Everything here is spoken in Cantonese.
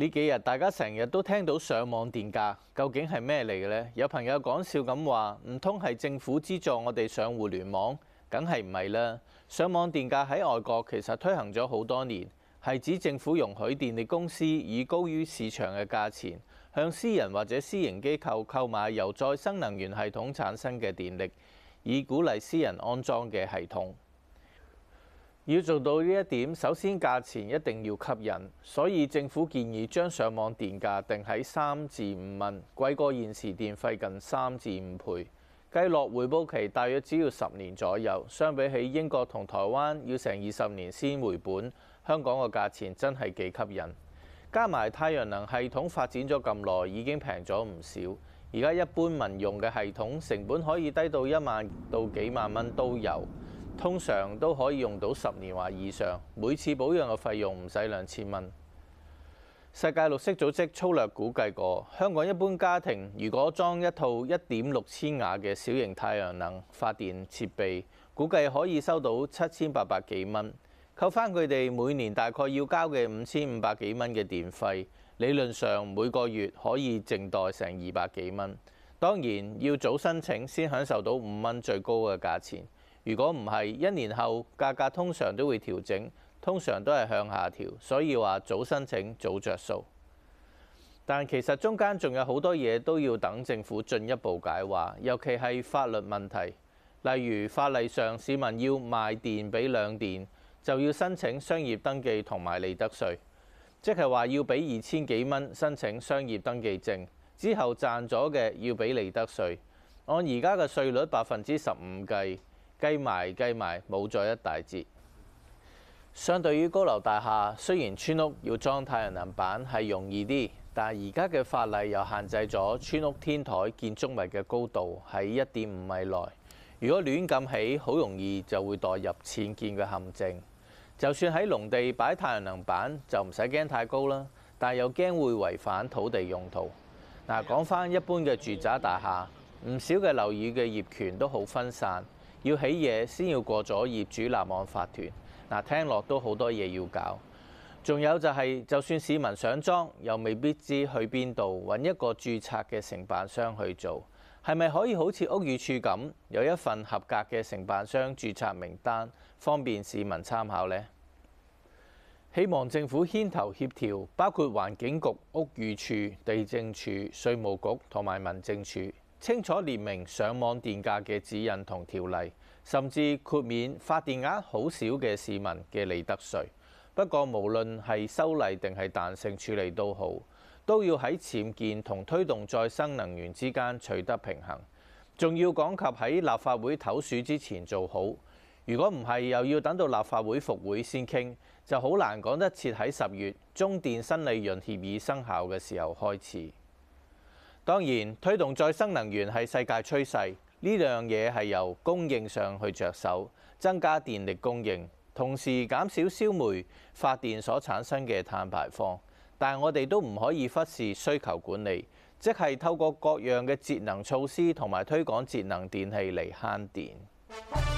呢幾日大家成日都聽到上網電價，究竟係咩嚟嘅呢？有朋友講笑咁話，唔通係政府資助我哋上互聯網？梗係唔係啦！上網電價喺外國其實推行咗好多年，係指政府容許電力公司以高於市場嘅價錢，向私人或者私營機構購買由再生能源系統產生嘅電力，以鼓勵私人安裝嘅系統。要做到呢一點，首先價錢一定要吸引，所以政府建議將上網電價定喺三至五蚊，貴過現時電費近三至五倍。計落回報期大約只要十年左右，相比起英國同台灣要成二十年先回本，香港個價錢真係幾吸引。加埋太陽能系統發展咗咁耐，已經平咗唔少，而家一般民用嘅系統成本可以低到一萬到幾萬蚊都有。通常都可以用到十年或以上，每次保養嘅費用唔使兩千蚊。世界綠色組織粗略估計過，香港一般家庭如果裝一套一點六千瓦嘅小型太陽能發電設備，估計可以收到七千八百幾蚊。扣返佢哋每年大概要交嘅五千五百幾蚊嘅電費，理論上每個月可以淨袋成二百幾蚊。當然要早申請先享受到五蚊最高嘅價錢。如果唔係，一年後價格通常都會調整，通常都係向下調，所以話早申請早着數。但其實中間仲有好多嘢都要等政府進一步解話，尤其係法律問題，例如法例上市民要賣電俾兩電，就要申請商業登記同埋利得稅，即係話要俾二千幾蚊申請商業登記證，之後賺咗嘅要俾利得稅，按而家嘅稅率百分之十五計。計埋計埋，冇咗一大截。相對於高樓大廈，雖然村屋要裝太陽能板係容易啲，但係而家嘅法例又限制咗村屋天台建築物嘅高度喺一點五米內。如果亂咁起，好容易就會墮入僭建嘅陷阱。就算喺農地擺太陽能板，就唔使驚太高啦，但係又驚會違反土地用途。嗱，講返一般嘅住宅大廈，唔少嘅樓宇嘅業權都好分散。要起嘢先要過咗業主立案法團，嗱聽落都好多嘢要搞。仲有就係就算市民想裝，又未必知去邊度揾一個注冊嘅承辦商去做，係咪可以好似屋宇署咁有一份合格嘅承辦商注冊名單，方便市民參考咧？希望政府牽頭協調，包括環境局、屋宇署、地政署、稅務局同埋民政處。清楚列明上網電價嘅指引同條例，甚至豁免發電額好少嘅市民嘅利得稅。不過無論係修例定係彈性處理都好，都要喺僭建同推動再生能源之間取得平衡。仲要講及喺立法會休會之前做好，如果唔係又要等到立法會復會先傾，就好難講得切喺十月中電新利潤協議生效嘅時候開始。當然，推動再生能源係世界趨勢，呢樣嘢係由供應上去着手，增加電力供應，同時減少燒煤發電所產生嘅碳排放。但係我哋都唔可以忽視需求管理，即係透過各樣嘅節能措施同埋推廣節能電器嚟慳電。